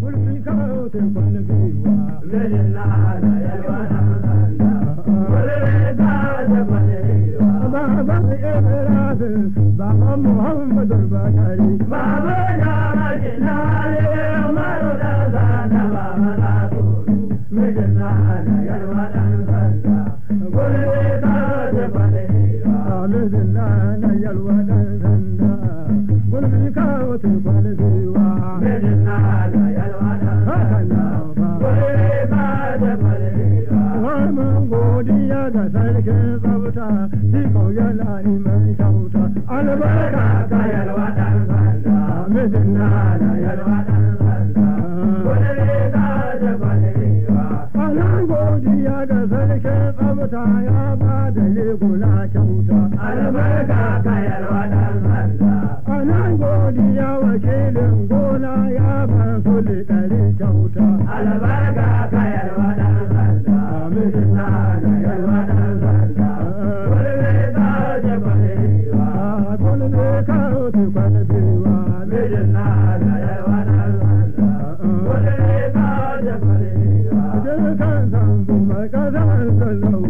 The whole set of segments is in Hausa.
What do you go to albarka ka yalwa dan sanda mijin na da yalwa dan sanda wani ne ka da kwalewa anan godiya ga sarkin tsabta ya ba da leguna kyauta albarka ka yalwa ɗan sanda anan godiya wakilin gona ya ba su ɗari kyauta albarka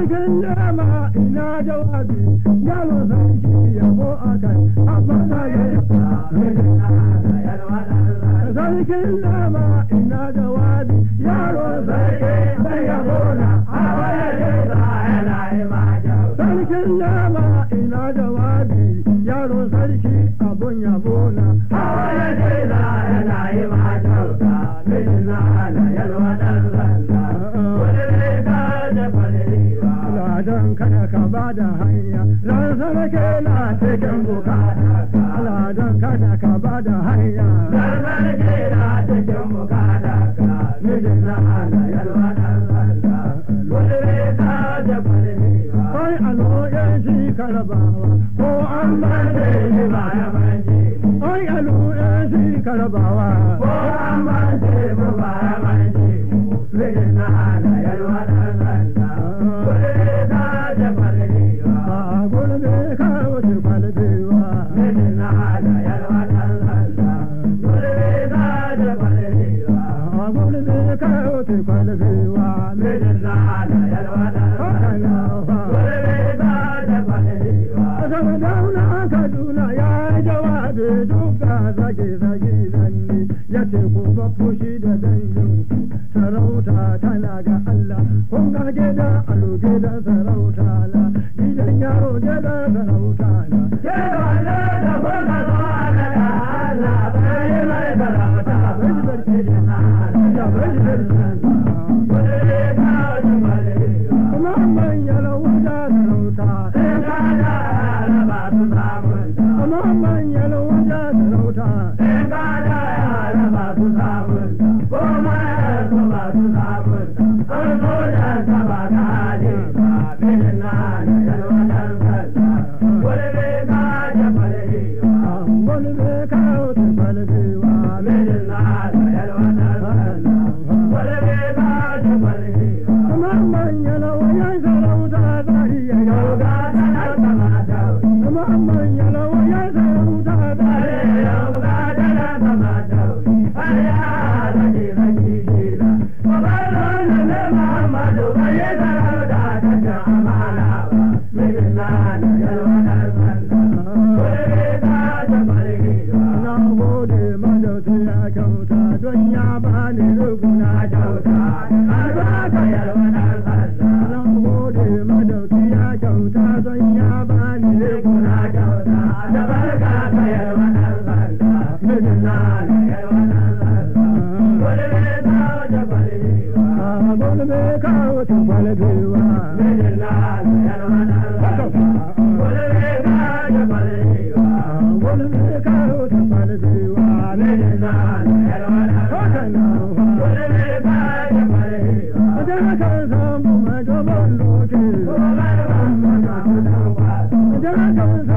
sarkin nema ina jawabi yaro ya yabo a kai na ya yaba sarkin nema ina jawabi yaro sarki bai yabo na a ya ce za yana ima sarkin nema ina jawabi yaro sarki abun yabo na a ya ce za ba da hanya ran sarki na cikin bukata Allah don kada ka ba da hanya ran sarki na cikin bukata ka mijin na Allah yalwa dan Allah wani ne ta da farmi ba kai aloyin shi karabawa ko an ba da shi ba ya manje kai aloyin shi karabawa ko an ba da shi ba ya manje mijin zage zage ya ce sarauta tana ga Allah kun ga alo gidan sarauta la gidan yaro gidan sarauta la Udadonya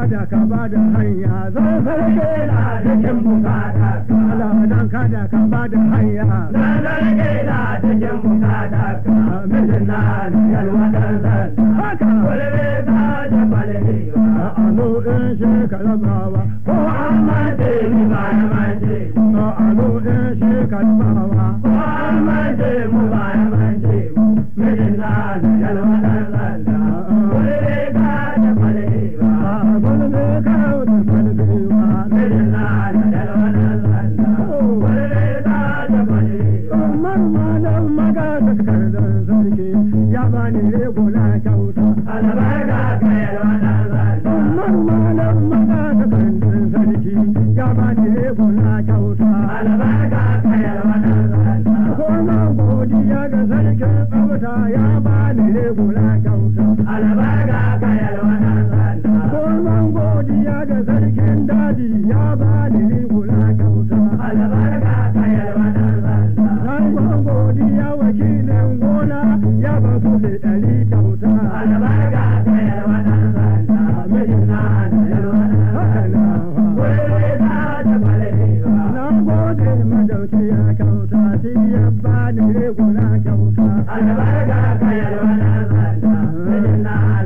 kada ka bada hanya zan sarki na cikin bukata Allah dan da ka bada hanya zan sarki na cikin bukata ka na yalwatar zan haka kulbe ta jabal hiwa alo in shekara bawa ko amma ce ni ba na manje alo in shekara bawa ko amma ce mu ba na manje mijin na shi ya ba ni na kyauta. Albarka ka yalwana zalta. Koma godiya ga sarkin tsauta ya ba ni na kyauta. Albarka ka yalwana zalta. Koma godiya ga sarkin daji ya ba ya kyauta shi ya bani kula kyauta albarka ka yalwa na